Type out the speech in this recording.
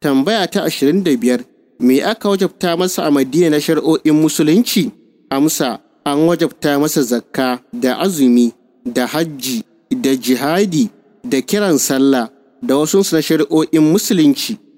Tambaya ta 25 Me aka wajabta masa a Madina na shari'o'in Musulunci? Amsa An wajabta masa zakka da azumi da hajji da jihadi da kiran sallah da wasu na shari'o'in Musulunci.